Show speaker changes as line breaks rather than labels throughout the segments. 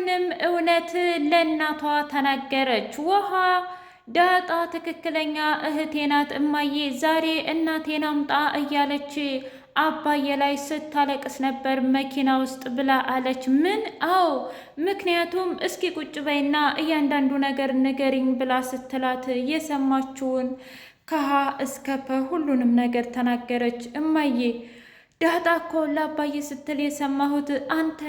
ሁሉንም እውነት ለእናቷ ተናገረች። ውሃ ዳጣ ትክክለኛ እህቴ ናት እማዬ፣ ዛሬ እናቴን አምጣ እያለች አባዬ ላይ ስታለቅስ ነበር መኪና ውስጥ ብላ አለች። ምን? አዎ፣ ምክንያቱም እስኪ ቁጭ በይና እያንዳንዱ ነገር ንገሪኝ ብላ ስትላት የሰማችውን ከሀ እስከ ፐ ሁሉንም ነገር ተናገረች። እማዬ ዳጣ እኮ ለአባዬ ስትል የሰማሁት አንተ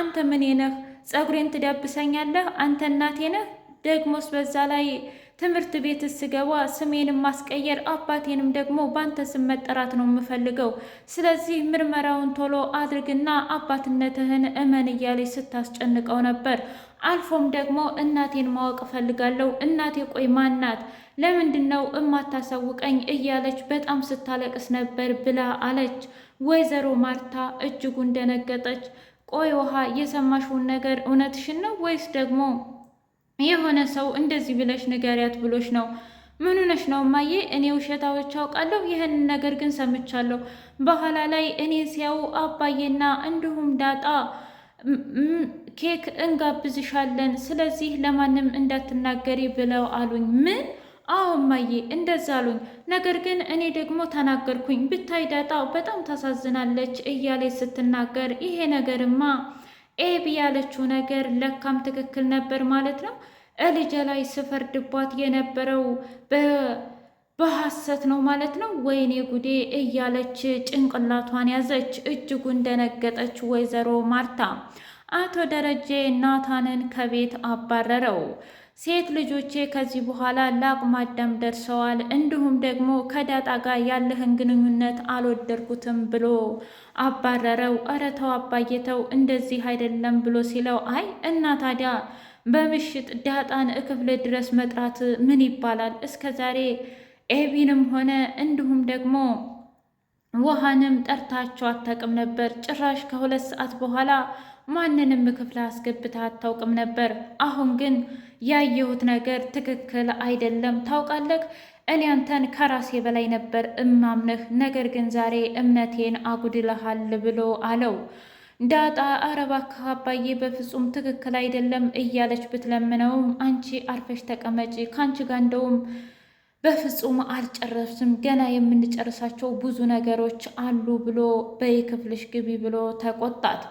አንተ ምን ነህ ጸጉሬን ትዳብሰኛለህ? አንተ እናቴ ነህ? ደግሞስ በዛ ላይ ትምህርት ቤት ስገባ ስሜንም ማስቀየር አባቴንም ደግሞ ባንተ ስም መጠራት ነው የምፈልገው። ስለዚህ ምርመራውን ቶሎ አድርግና አባትነትህን እመን እያለች ስታስጨንቀው ነበር። አልፎም ደግሞ እናቴን ማወቅ እፈልጋለሁ። እናቴ ቆይ ማናት? ለምንድን ነው እማታሳውቀኝ? እያለች በጣም ስታለቅስ ነበር ብላ አለች። ወይዘሮ ማርታ እጅጉን ደነገጠች። ቆይ ውሃ እየሰማሽውን ነገር እውነትሽን ነው ወይስ ደግሞ የሆነ ሰው እንደዚህ ብለሽ ንገሪያት ብሎሽ ነው? ምኑ ነሽ ነው እማዬ? እኔ ውሸታዎች አውቃለሁ። ይህንን ነገር ግን ሰምቻለሁ። በኋላ ላይ እኔ ሲያው አባዬና እንዲሁም ዳጣ ኬክ እንጋብዝሻለን፣ ስለዚህ ለማንም እንዳትናገሪ ብለው አሉኝ። ምን አዎ እማዬ እንደዛ አሉኝ። ነገር ግን እኔ ደግሞ ተናገርኩኝ። ብታይ ዳጣ በጣም ታሳዝናለች እያለች ስትናገር ይሄ ነገርማ ኤቢ ያለችው ነገር ለካም ትክክል ነበር ማለት ነው። እልጀ ላይ ስፈርድባት የነበረው በሐሰት ነው ማለት ነው። ወይኔ ጉዴ እያለች ጭንቅላቷን ያዘች። እጅጉን ደነገጠች ወይዘሮ ማርታ። አቶ ደረጀ ናታንን ከቤት አባረረው። ሴት ልጆቼ ከዚህ በኋላ ለአቅመ አዳም ደርሰዋል፣ እንዲሁም ደግሞ ከዳጣ ጋር ያለህን ግንኙነት አልወደድኩትም ብሎ አባረረው። እረ ተው አባዬ እንደዚህ አይደለም ብሎ ሲለው አይ እና ታዲያ በምሽት ዳጣን እክፍል ድረስ መጥራት ምን ይባላል? እስከ ዛሬ ኤቢንም ሆነ እንዲሁም ደግሞ ውሃንም ጠርታቸው አታውቅም ነበር። ጭራሽ ከሁለት ሰዓት በኋላ ማንንም ክፍል አስገብታ አታውቅም ነበር። አሁን ግን ያየሁት ነገር ትክክል አይደለም። ታውቃለህ፣ እኔ አንተን ከራሴ በላይ ነበር እማምንህ፣ ነገር ግን ዛሬ እምነቴን አጉድለሃል ብሎ አለው። ዳጣ አረባ አባዬ በፍጹም ትክክል አይደለም እያለች ብትለምነውም አንቺ አርፈሽ ተቀመጪ፣ ከአንቺ ጋር እንደውም በፍጹም አልጨረስም፣ ገና የምንጨርሳቸው ብዙ ነገሮች አሉ ብሎ በይ ክፍልሽ ግቢ ብሎ ተቆጣት።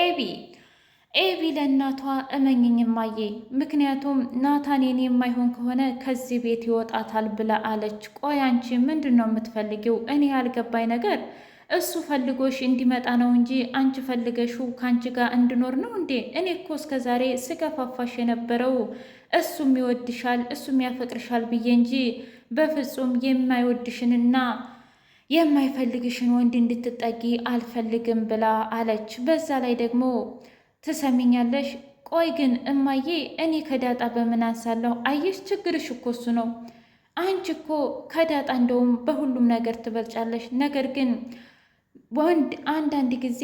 ኤቢ ኤቢ ለእናቷ እመኝኝ ማየ ምክንያቱም ናታን ኔ የማይሆን ከሆነ ከዚህ ቤት ይወጣታል ብላ አለች። ቆይ አንቺ ምንድን ነው የምትፈልጊው? እኔ ያልገባኝ ነገር እሱ ፈልጎሽ እንዲመጣ ነው እንጂ አንቺ ፈልገሽው ከአንቺ ጋር እንድኖር ነው እንዴ? እኔ እኮ እስከ ዛሬ ስገፋፋሽ የነበረው እሱም ይወድሻል እሱም ያፈቅርሻል ብዬ እንጂ በፍጹም የማይወድሽንና የማይፈልግሽን ወንድ እንድትጠጊ አልፈልግም ብላ አለች። በዛ ላይ ደግሞ ትሰሚኛለሽ? ቆይ ግን እማዬ እኔ ከዳጣ በምን አንሳለሁ? አየሽ ችግርሽ እኮ እሱ ነው። አንቺ እኮ ከዳጣ እንደውም በሁሉም ነገር ትበልጫለሽ። ነገር ግን ወንድ አንዳንድ ጊዜ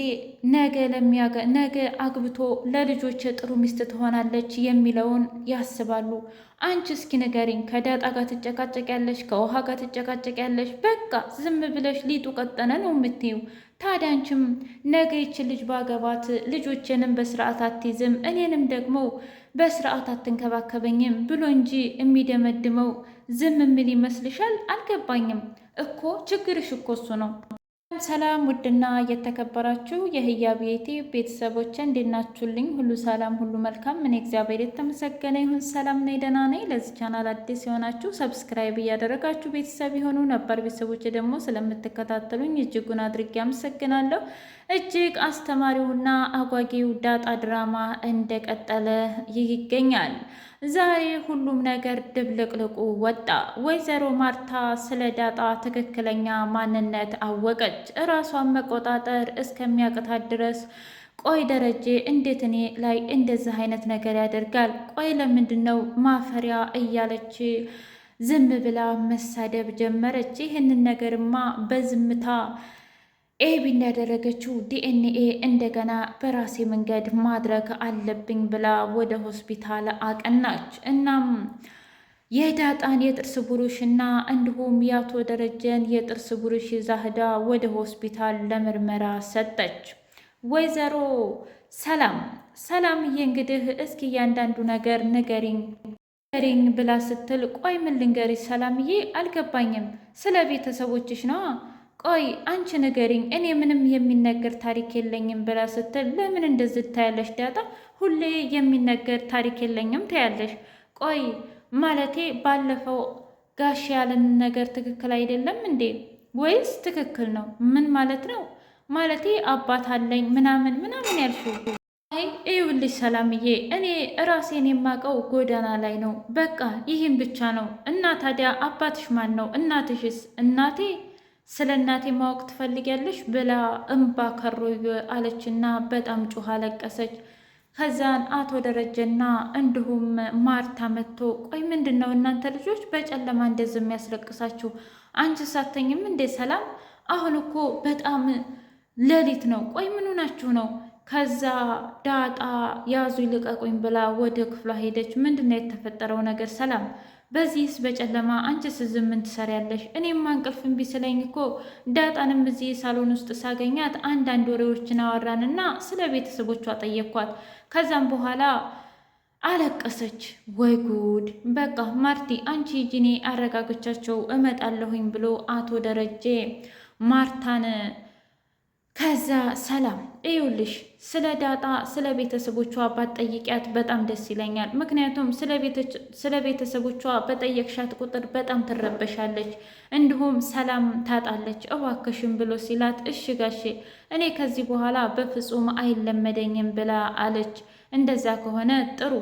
ነገ ለሚያገ ነገ አግብቶ ለልጆች ጥሩ ሚስት ትሆናለች የሚለውን ያስባሉ። አንቺ እስኪ ንገሪኝ፣ ከዳጣ ጋር ትጨቃጨቂያለሽ፣ ከውሃ ጋር ትጨቃጨቂያለሽ፣ በቃ ዝም ብለሽ ሊጡ ቀጠነ ነው የምትይው። ታዲያ አንቺም ነገ ይችን ልጅ ባገባት ልጆችንም በስርዓት አትይዝም፣ እኔንም ደግሞ በስርዓት አትንከባከበኝም ብሎ እንጂ የሚደመድመው ዝም የሚል ይመስልሻል? አልገባኝም እኮ ችግርሽ እኮ እሱ ነው። ሰላም ውድና እየተከበራችሁ የህያ ቤቴ ቤተሰቦች እንዴናችሁልኝ? ሁሉ ሰላም፣ ሁሉ መልካም። እኔ እግዚአብሔር የተመሰገነ ይሁን ሰላም ነኝ፣ ደህና ነኝ። ለዚህ ቻናል አዲስ የሆናችሁ ሰብስክራይብ እያደረጋችሁ ቤተሰብ የሆኑ ነባር ቤተሰቦች ደግሞ ስለምትከታተሉኝ እጅጉን አድርጌ አመሰግናለሁ። እጅግ አስተማሪውና አጓጊው ዳጣ ድራማ እንደቀጠለ ይገኛል። ዛሬ ሁሉም ነገር ድብልቅልቁ ወጣ። ወይዘሮ ማርታ ስለ ዳጣ ትክክለኛ ማንነት አወቀች። እራሷን መቆጣጠር እስከሚያቅታት ድረስ ቆይ ደረጀ እንዴት እኔ ላይ እንደዚህ አይነት ነገር ያደርጋል? ቆይ ለምንድን ነው ማፈሪያ እያለች ዝም ብላ መሳደብ ጀመረች። ይህንን ነገርማ በዝምታ ኤቢን ያደረገችው ዲኤንኤ እንደገና በራሴ መንገድ ማድረግ አለብኝ ብላ ወደ ሆስፒታል አቀናች። እናም የዳጣን የጥርስ ብሩሽ እና እንዲሁም የአቶ ደረጀን የጥርስ ብሩሽ ይዛ ሄዳ ወደ ሆስፒታል ለምርመራ ሰጠች። ወይዘሮ ሰላም ሰላምዬ፣ እንግዲህ እስኪ እያንዳንዱ ነገር ንገሪኝ ንገሪኝ ብላ ስትል ቆይ ምን ልንገሪ ሰላምዬ? አልገባኝም። ስለ ቤተሰቦችሽ ነዋ ቆይ አንቺ ንገሪኝ፣ እኔ ምንም የሚነገር ታሪክ የለኝም ብላ ስትል ለምን እንደዚህ ታያለሽ ዳጣ? ሁሌ የሚነገር ታሪክ የለኝም ታያለሽ። ቆይ ማለቴ ባለፈው ጋሽ ያለን ነገር ትክክል አይደለም እንዴ? ወይስ ትክክል ነው? ምን ማለት ነው? ማለቴ አባት አለኝ ምናምን ምናምን ያልሽው? አይ ይኸውልሽ ሰላምዬ፣ እኔ ራሴን የማውቀው ጎዳና ላይ ነው። በቃ ይህም ብቻ ነው። እና ታዲያ አባትሽ ማን ነው? እናትሽስ? እናቴ ስለ እናቴ ማወቅ ትፈልጊያለሽ ብላ እምባ ከሮየ አለችና በጣም ጩኸ አለቀሰች። ከዛን አቶ ደረጀና እንዲሁም ማርታ መጥቶ ቆይ ምንድን ነው እናንተ ልጆች በጨለማ እንደዚህ የሚያስለቅሳችሁ? አንቺ ሳተኝም እንዴ ሰላም? አሁን እኮ በጣም ሌሊት ነው። ቆይ ምኑ ናችሁ ነው? ከዛ ዳጣ ያዙ ይልቀቁኝ ብላ ወደ ክፍሏ ሄደች። ምንድን ነው የተፈጠረው ነገር ሰላም በዚህስ በጨለማ አንቺስ ዝም ምን ትሰሪያለሽ? እኔማ እንቅልፍ ቢስለኝ እኮ ዳጣንም እዚህ ሳሎን ውስጥ ሳገኛት አንዳንድ ወሬዎችን አወራንና ስለ ቤተሰቦቿ ጠየኳት። ከዛም በኋላ አለቀሰች። ወይ ጉድ! በቃ ማርቲ አንቺ ጂኔ አረጋገቻቸው እመጣለሁኝ ብሎ አቶ ደረጀ ማርታን ከዛ ሰላም እዩልሽ፣ ስለ ዳጣ ስለ ቤተሰቦቿ ባትጠይቂያት በጣም ደስ ይለኛል። ምክንያቱም ስለ ቤተሰቦቿ በጠየቅሻት ቁጥር በጣም ትረበሻለች፣ እንዲሁም ሰላም ታጣለች። እባክሽን ብሎ ሲላት እሽ ጋሼ፣ እኔ ከዚህ በኋላ በፍጹም አይለመደኝም ብላ አለች። እንደዛ ከሆነ ጥሩ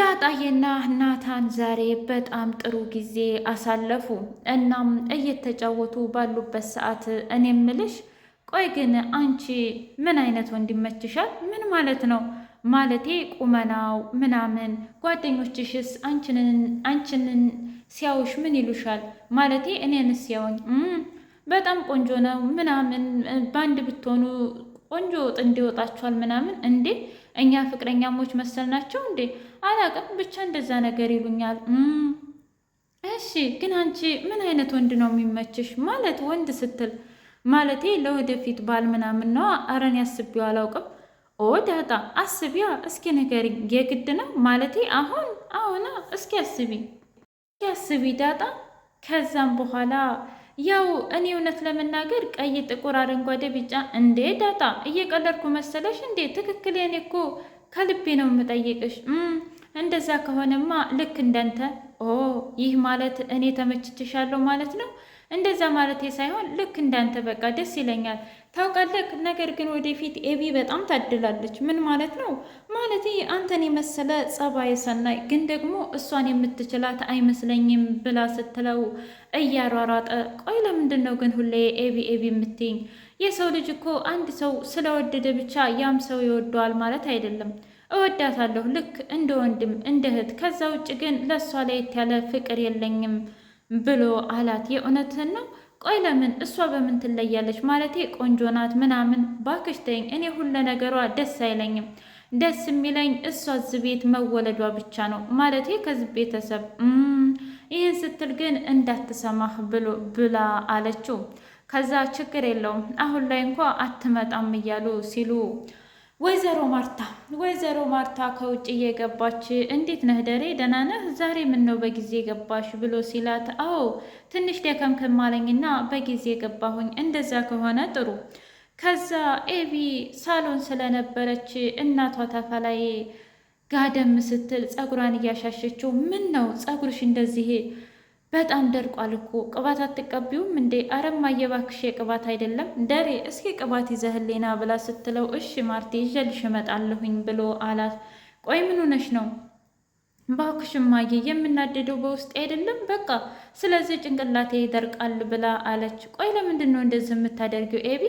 ዳጣዬና ናታን ዛሬ በጣም ጥሩ ጊዜ አሳለፉ። እናም እየተጫወቱ ባሉበት ሰዓት እኔ እምልሽ ቆይ ግን አንቺ ምን አይነት ወንድ ይመችሻል? ምን ማለት ነው? ማለቴ ቁመናው ምናምን። ጓደኞችሽስ አንቺንን ሲያውሽ ምን ይሉሻል? ማለቴ እኔን ሲያውኝ በጣም ቆንጆ ነው ምናምን፣ በአንድ ብትሆኑ ቆንጆ ጥንድ ይወጣችኋል ምናምን። እንዴ እኛ ፍቅረኛሞች መሰል ናቸው እንዴ? አላቅም ብቻ እንደዛ ነገር ይሉኛል። እሺ ግን አንቺ ምን አይነት ወንድ ነው የሚመችሽ? ማለት ወንድ ስትል ማለቴ ለወደፊት ባል ምናምን ነው። አረን እኔ አላውቅም። ኦ ዳጣ አስቢያ እስኪ ነገር የግድ ነው ማለቴ አሁን አሁና እስኪ አስቢ እስኪ አስቢ ዳጣ። ከዛም በኋላ ያው እኔ እውነት ለመናገር ቀይ፣ ጥቁር፣ አረንጓዴ፣ ቢጫ። እንዴ ዳጣ እየቀለድኩ መሰለሽ እንዴ? ትክክል። እኔ እኮ ከልቤ ነው የምጠይቅሽ። እንደዛ ከሆነማ ልክ እንዳንተ። ኦ ይህ ማለት እኔ ተመችችሻለሁ ማለት ነው። እንደዛ ማለቴ ሳይሆን ልክ እንዳንተ በቃ ደስ ይለኛል ታውቃለህ። ነገር ግን ወደፊት ኤቢ በጣም ታድላለች። ምን ማለት ነው? ማለቴ አንተን የመሰለ ጸባይ ሰናይ፣ ግን ደግሞ እሷን የምትችላት አይመስለኝም ብላ ስትለው እያሯሯጠ ቆይ፣ ለምንድን ነው ግን ሁሌ ኤቢ ኤቢ የምትይኝ? የሰው ልጅ እኮ አንድ ሰው ስለወደደ ብቻ ያም ሰው ይወደዋል ማለት አይደለም። እወዳታለሁ ልክ እንደ ወንድም እንደ እህት። ከዛ ውጭ ግን ለእሷ ለየት ያለ ፍቅር የለኝም ብሎ አላት። የእውነትህን ነው? ቆይ ለምን እሷ በምን ትለያለች? ማለቴ ቆንጆ ናት ምናምን። ባክሽ ተይኝ፣ እኔ ሁለ ነገሯ ደስ አይለኝም። ደስ የሚለኝ እሷ እዚህ ቤት መወለዷ ብቻ ነው። ማለቴ ከዚህ ቤተሰብ ይህን ስትል ግን እንዳትሰማህ ብሎ ብላ አለችው። ከዛ ችግር የለውም አሁን ላይ እንኳ አትመጣም እያሉ ሲሉ ወይዘሮ ማርታ ወይዘሮ ማርታ ከውጭ እየገባች እንዴት ነህ ደሬ ደህና ነህ? ዛሬ ምን ነው በጊዜ ገባሽ ብሎ ሲላት፣ አዎ ትንሽ ደከምክም አለኝና በጊዜ ገባሁኝ። እንደዛ ከሆነ ጥሩ። ከዛ ኤቢ ሳሎን ስለነበረች እናቷ ተፈላዬ ጋደም ስትል ጸጉሯን እያሻሸችው ምን ነው ጸጉርሽ እንደዚህ በጣም ደርቋል እኮ ቅባት አትቀቢውም እንዴ? አረማ የባክሽ ቅባት አይደለም ደሬ፣ እስኪ ቅባት ይዘህሌና ብላ ስትለው እሺ ማርቴ ይዤልሽ እመጣለሁኝ ብሎ አላት። ቆይ ምን ሆነሽ ነው? ባክሽ ማየ የምናደደው በውስጤ አይደለም በቃ ስለዚህ ጭንቅላቴ ይደርቃል ብላ አለች። ቆይ ለምንድን ነው እንደዚህ የምታደርጊው ኤቢ?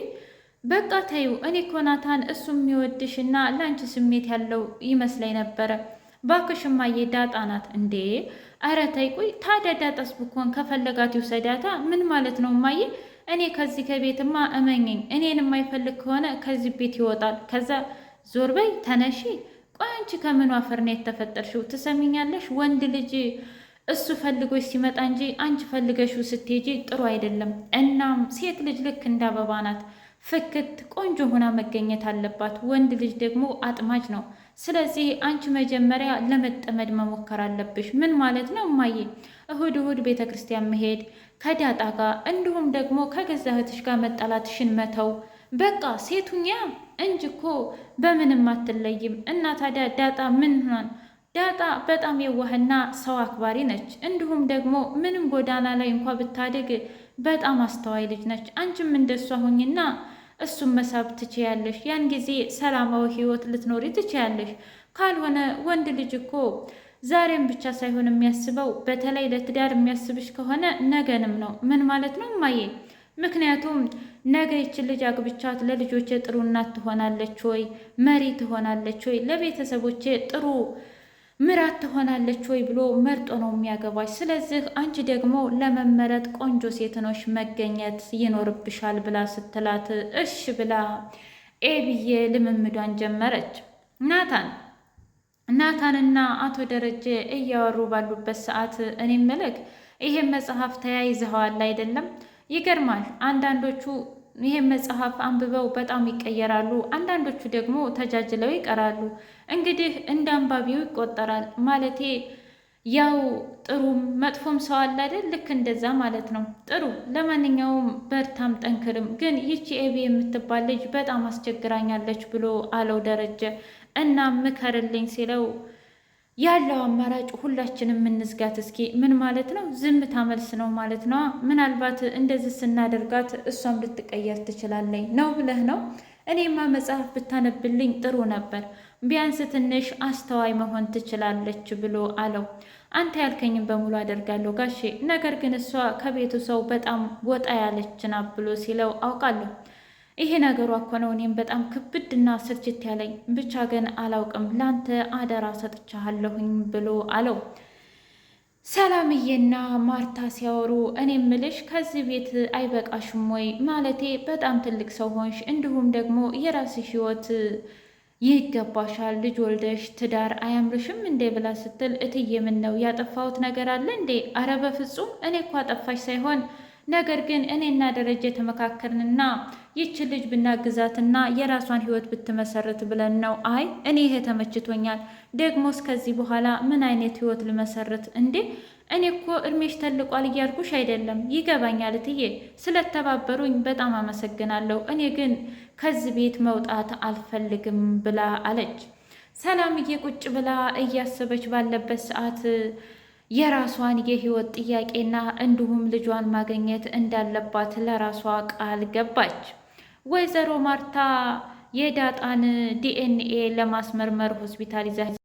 በቃ ተይው። እኔ ኮናታን ናታን እሱ የሚወድሽ እና ለአንቺ ስሜት ያለው ይመስለኝ ነበረ ባክሽ እማዬ ዳጣ ናት እንዴ? ኧረ ተይ ቆይ። ታዲያ ዳጣስ ብኮን ከፈለጋት ይውሰዳታ። ምን ማለት ነው እማዬ? እኔ ከዚህ ከቤትማ እመኘኝ፣ እኔን የማይፈልግ ከሆነ ከዚህ ቤት ይወጣል። ከዛ ዞር በይ ተነሺ። ቆይ አንቺ ከምኑ አፈር ነው የተፈጠርሽው? ትሰሚኛለሽ? ወንድ ልጅ እሱ ፈልጎች ሲመጣ እንጂ አንቺ ፈልገሽው ስትሄጂ ጥሩ አይደለም። እናም ሴት ልጅ ልክ እንደ አበባ ናት፣ ፍክት ቆንጆ ሆና መገኘት አለባት። ወንድ ልጅ ደግሞ አጥማጅ ነው። ስለዚህ አንቺ መጀመሪያ ለመጠመድ መሞከር አለብሽ። ምን ማለት ነው እማዬ? እሁድ እሁድ ቤተ ክርስቲያን መሄድ ከዳጣ ጋር እንዲሁም ደግሞ ከገዛ እህትሽ ጋር መጠላትሽን መተው በቃ ሴቱኛ እንጂ እኮ በምንም አትለይም። እና ታዲያ ዳጣ ምን ሆን? ዳጣ በጣም የዋህና ሰው አክባሪ ነች። እንዲሁም ደግሞ ምንም ጎዳና ላይ እንኳ ብታደግ በጣም አስተዋይ ልጅ ነች። አንቺም እንደሷ ሁኝና እሱም መሳብ ትችያለሽ። ያን ጊዜ ሰላማዊ ህይወት ልትኖሪ ትችያለሽ። ካልሆነ ወንድ ልጅ እኮ ዛሬም ብቻ ሳይሆን የሚያስበው በተለይ ለትዳር የሚያስብሽ ከሆነ ነገንም ነው። ምን ማለት ነው እማዬ? ምክንያቱም ነገ ይችን ልጅ አግብቻት ለልጆቼ ጥሩ እናት ትሆናለች ወይ፣ መሪ ትሆናለች ወይ፣ ለቤተሰቦቼ ጥሩ ምራት ትሆናለች ወይ ብሎ መርጦ ነው የሚያገባሽ። ስለዚህ አንቺ ደግሞ ለመመረጥ ቆንጆ ሴትኖች መገኘት ይኖርብሻል ብላ ስትላት እሽ ብላ ኤብዬ ልምምዷን ጀመረች። ናታን ናታንና አቶ ደረጀ እያወሩ ባሉበት ሰዓት እኔ መልክ ይሄን መጽሐፍ ተያይዘኸዋል አይደለም? ይገርማል አንዳንዶቹ ይህም መጽሐፍ አንብበው በጣም ይቀየራሉ። አንዳንዶቹ ደግሞ ተጃጅለው ይቀራሉ። እንግዲህ እንደ አንባቢው ይቆጠራል። ማለቴ ያው ጥሩም መጥፎም ሰው አለ አይደል? ልክ እንደዛ ማለት ነው። ጥሩ ለማንኛውም በርታም ጠንክርም። ግን ይቺ ኤቢ የምትባል ልጅ በጣም አስቸግራኛለች ብሎ አለው ደረጀ። እና ምከርልኝ ሲለው ያለው አማራጭ ሁላችንም እንዝጋት። እስኪ ምን ማለት ነው? ዝምታ መልስ ነው ማለት ነው። ምናልባት እንደዚህ ስናደርጋት እሷም ልትቀየር ትችላለኝ ነው ብለህ ነው? እኔማ መጽሐፍ ብታነብልኝ ጥሩ ነበር፣ ቢያንስ ትንሽ አስተዋይ መሆን ትችላለች ብሎ አለው። አንተ ያልከኝም በሙሉ አደርጋለሁ ጋሼ፣ ነገር ግን እሷ ከቤቱ ሰው በጣም ወጣ ያለች ናት ብሎ ሲለው አውቃለሁ ይሄ ነገሯ እኮ ነው እኔም በጣም ክብድና ስርጅት ያለኝ ብቻ ግን አላውቅም፣ ላንተ አደራ ሰጥቻለሁኝ ብሎ አለው። ሰላምዬና ማርታ ሲያወሩ እኔ ምልሽ ከዚህ ቤት አይበቃሽም ወይ? ማለቴ በጣም ትልቅ ሰው ሆንሽ፣ እንዲሁም ደግሞ የራስሽ ህይወት ይገባሻል ልጅ ወልደሽ ትዳር አያምርሽም እንዴ ብላ ስትል እትዬ ምን ነው ያጠፋሁት ነገር አለ እንዴ? አረ በፍጹም እኔ እኮ አጠፋሽ ሳይሆን ነገር ግን እኔና ደረጀ ተመካከርንና ይችን ልጅ ብናግዛትና የራሷን ህይወት ብትመሰርት ብለን ነው። አይ እኔ ይሄ ተመችቶኛል። ደግሞ እስከዚህ በኋላ ምን አይነት ህይወት ልመሰረት እንዴ? እኔ እኮ እድሜሽ ተልቋል እያልኩሽ አይደለም፣ ይገባኛል እትዬ። ስለተባበሩኝ በጣም አመሰግናለሁ። እኔ ግን ከዚህ ቤት መውጣት አልፈልግም ብላ አለች። ሰላምዬ ቁጭ ብላ እያሰበች ባለበት ሰዓት የራሷን የህይወት ጥያቄና እንዲሁም ልጇን ማግኘት እንዳለባት ለራሷ ቃል ገባች። ወይዘሮ ማርታ የዳጣን ዲኤንኤ ለማስመርመር ሆስፒታል ይዛ